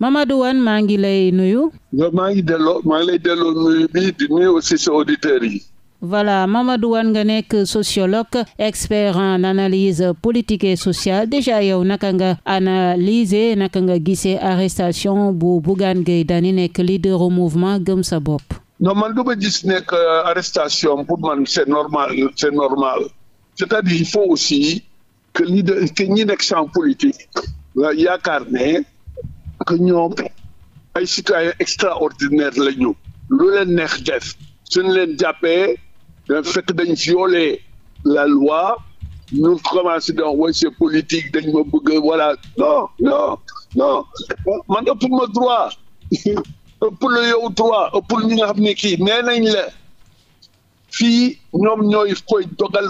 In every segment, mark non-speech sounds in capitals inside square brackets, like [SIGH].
Mamadou Wane maa ngi lay nuyu. maa ngi delloo maa nuyu bi di nuyu aussi sa auditeurs yi. voilà Mamadou wan nga nekk sociologue expert en analyse politique et sociale déjà yow naka nga analyser naka nga gisee arrestation bu Bougane Gueye Dany nekk leader au mouvement gëm sa bopp. non du ma gis nekk euh, arrestation pour man c'est normal c'est normal c'est-à-dire il faut aussi que ñi nekk champ politique euh, yaakaar ne. que ñoom ay citoyens extraordinaires la ñu lu leen neex def suñ leen jàppee da fekk dañ violer la loi ñu commencé donc way c'est politique dañ ma bëgg voilà non non non man ëpp ma droit [LAUGHS] ëpp la yow droit ëpp ñi na xam ne kii nee nañ la fii ñoom ñooy koy dogal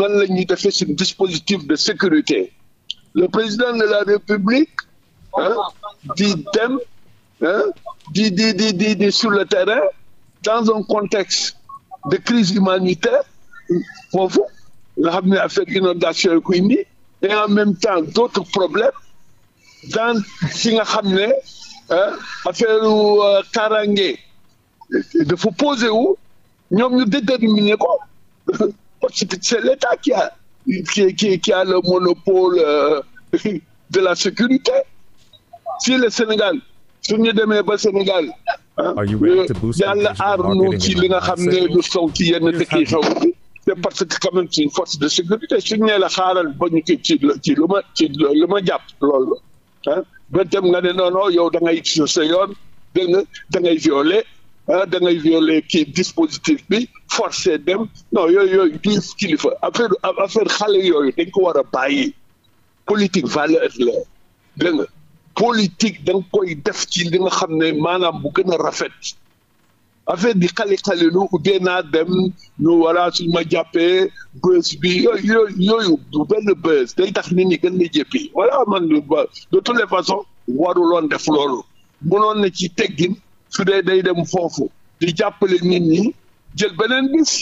nan la ñuy defee dispositif de sécurité le président de la république di dem di di di di sur le terrain dans un contexte de crise humanitaire foofu nga xam ne affaire inondation yi ko indi et en même temps d' autres problèmes dans si nga xam ne affaire euh, karange dafa posé wu ñoom ñu déterminer ko [LAUGHS] parce que c' est qui a le monopole euh, [LAUGHS] de la sécurité fii la Sénégal su ñu demee ba Sénégal yàlla aar nu ci li nga xam ne lu sow ci yenn dëkk yi xew bi c'est parce que quand même c'est une de sécurité la xaaral ba ñu kii ci ci lu ma ci lu ma jàpp lool ah ba dem nga ne noono yow da ngay sur sa yoon dégg nga da ngay violer ah da ngay violer bi forcé dem non yooyu yooyu di kilifa affaire affaire xale yooyu de ko war a bàyyi politique valeur politique da nga koy def ci li nga xam ne maanaam bu gën rafet affaire di xali-xali lu ubbee naa dem ñu wala ma jàppee bës bi yooyu yooyu du benn bës day tax ni ni gën a jëppi voilà man de toutes waru façons waruloon def loolu mënoon na ci teggin su dee day dem foofu di jàppale nit ni jël beneen bis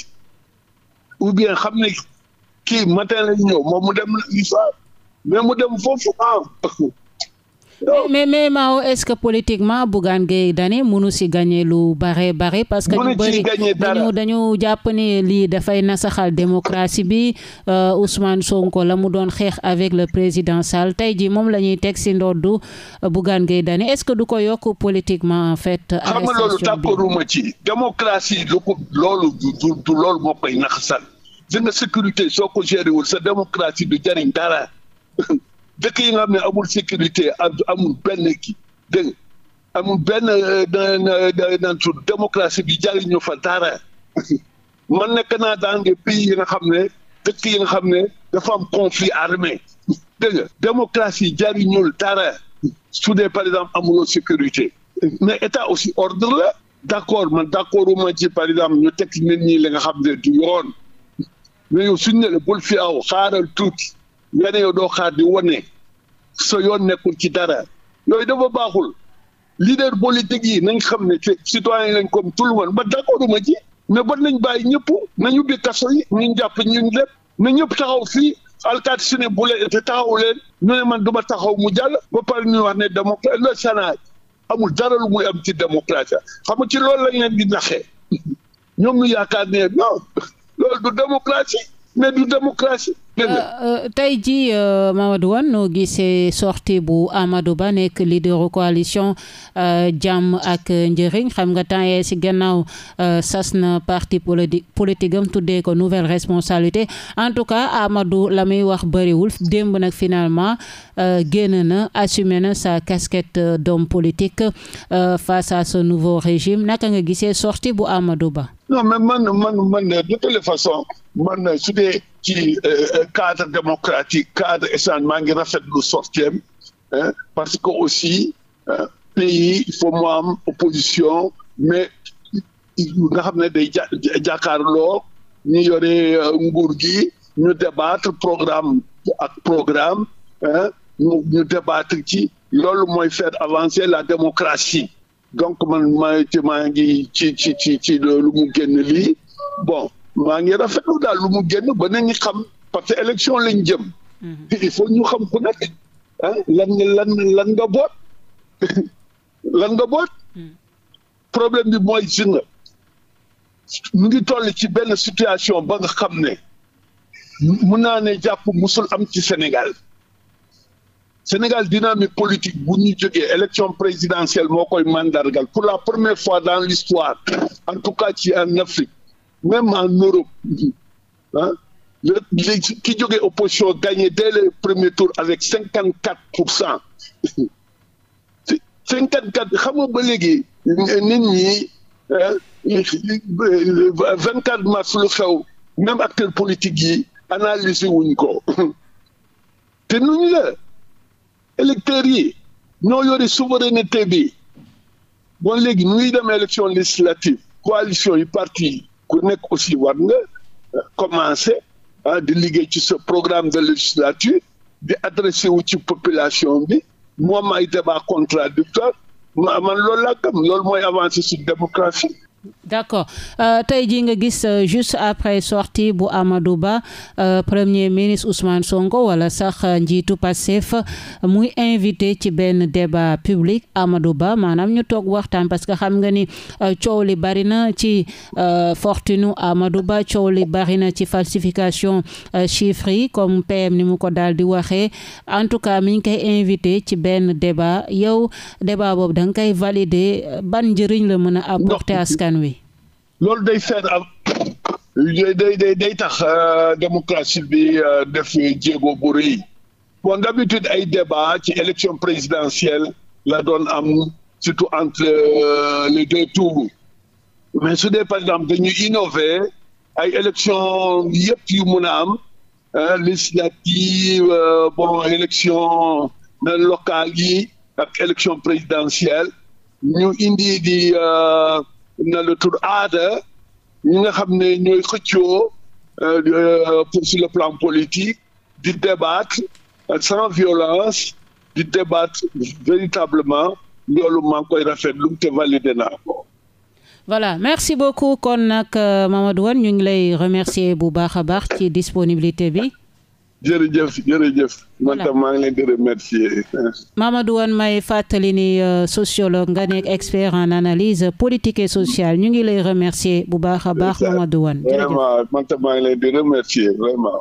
ou bien xam ne kii matin lañ ñëw moom mu dem isa mais mu dem foofu ah mais mais Mao est-ce que politiquement Bougane Gueye Dany mënu si gagné lu bare bare. parce que ñu bëri dañu dañu jàpp ni lii dafay nasaxal démocratie bi euh, Ousmane Sonko la mu doon xeex avec le président Sall tey jii moom la ñuy teg si ndoddu euh, Bougane Gueye Dany est-ce que du ko yokk politiquement en fait. xam nga soo ko géré wul sa démocratie du jariñ dara. [LAUGHS] dëkk yi nga xam ne amul sécurité amul benn kii dégg amul benn euh, naan su démocratie bi jariñu fa dara [LAUGHS] man nekk naa dans des yi nga xam ne dëkk yi nga xam ne dafa am conflit armé [LAUGHS] dégg nga démocratie jariñul dara [LAUGHS] su dee par exemple amuloo sécurité mais état aussi ordre la d' accord man d' accord par exemple ñu teg nit ñi li nga xam ne du yoon mais yow suñu ne la bul fi aw xaaral tuuti nga ne yow doo xaar di wane sa yoon nekkul ci dara yooyu dafa baaxul leader politique yi nañ xam ne citoyen lañ comme tout le monde ba d'accord ma ci mais ba nañ bàyyi ñëpp nañu bi kaso yi ñu jàpp ñu lépp na ñëpp taxaw si alkaat su ne bu leen te taxaw leen ñu ne man du ma taxaw mu jàll ba pare ñu wax ne démocrate le amul dara lu am ci démocratie xam nga ci loolu lañ leen di naxee [LAUGHS] ñoom yaakaar ne du démocratie Euh, euh, tey jii euh, Mamadou Wane noo gisee sorti bu Amadou Ba nekk leaderu coalition jàmm ak njëriñ xam nga temps yee si gannaaw sas na parti politique politique am tuddee ko nouvelle responsabilité en tout cas Amadou la muy wax bëriwul démb nag finalement génne na assumé na sa casquette d'homme politique face à ce nouveau régime naka nga gisee sorti bu Amadou Ba. non mais man man man de toutes les façons man su dee ci euh, euh, cadre démocratique cadre échange maa ngi rafetlu sortiem parce que aussi pays il faut mu mais nga xam ne day jàkkaarloo ñu yore euh, nguur gi ñu débattre programme ak programme ñu débattre ci loolu mooy faire avancer la démocratie donc man maa ci maa ngi ci ci ci ci lu mu génn lii bon maa ngi rafetlu daal lu mu génn ba ngi xam parce que élection lañ jëm. Mhm. il ñu xam ku nekk ah lan lan lan nga boot [LAUGHS] lan nga boot. Mhm. problème bi mooy si nga mu ngi toll ci benn situation ba nga xam ne mun naa ne jàpp musul am ci Sénégal. Sénégal dynamique politique bu ñu jógee élection présidentielle moo koy mandargal pour la première fois dans l'histoire en tout cas ci en Afrique même en Europe ah ki jógee opposition gagné dès le premier tour avec cinquante quatre pour cent [LAUGHS] cinquante quatre xam nga ba léegi vingt quatre mars lu xew même acteurs politiques yi analyser wuñ ko [LAUGHS] te nuñ la électeurs yi ñoo yore souveraineté bi bon léegi ñuy dem élection législative yi parti yi ku nekk aussi war nga euh, commencer ah, di liggéey ci sa programme de législature di adressé wu ci population bi moom ay débat contradictoire ma man lool laa gëm loolu mooy avancé ci démocratie d' accord euh, tey jii nga gis euh, juste après sorti bu Amadou Ba euh, premier ministre Ousmane Sonko wala sax euh, njiitu Pastef euh, muy invité ci benn débat public Amadou Ba maanaam ñu toog waxtaan parce que xam nga ni coow li bari na ci fortune Amadou Ba coow li bari na ci falsification chiffres yi comme PM ni mu ko daal di waxee en tout cas mi ngi koy invité ci benn débat yow débat boobu da nga koy valider ban njëriñ la mën a apporter askan wi. loolu day seen am day day day tax euh, démocratie bi euh, def jéego bu rëy bon d'habitude ay débat ci élection présidentielle la doon am surtout entre euh, les deux tours mais su dee par exemple dañu innover ay élection yëpp yu mun a am législative bon élection locale yi ak élection présidentielle ñu indi di na la tur aada ñi nga xam ne ñooy xëccoo euh, pour sur le plan politique di débattre sans violence di débattre véritablement loolu maa ngi koy rafetlu te validé naa voilà merci beaucoup kon nag euh, Mamadou Wane ñu ngi lay remercier bu baax a baax ci disponibilité bi. jërëjëf jërëjëf. man tam maa ngi leen di remercier. [LAUGHS] Mamadou Wane may fàttali ni euh, sociologue nga nekk expert en analyse politique et sociale ñu ngi lay remercier bu baax a baax. Mamadou Wane maa ngi leen di remercier vraiment.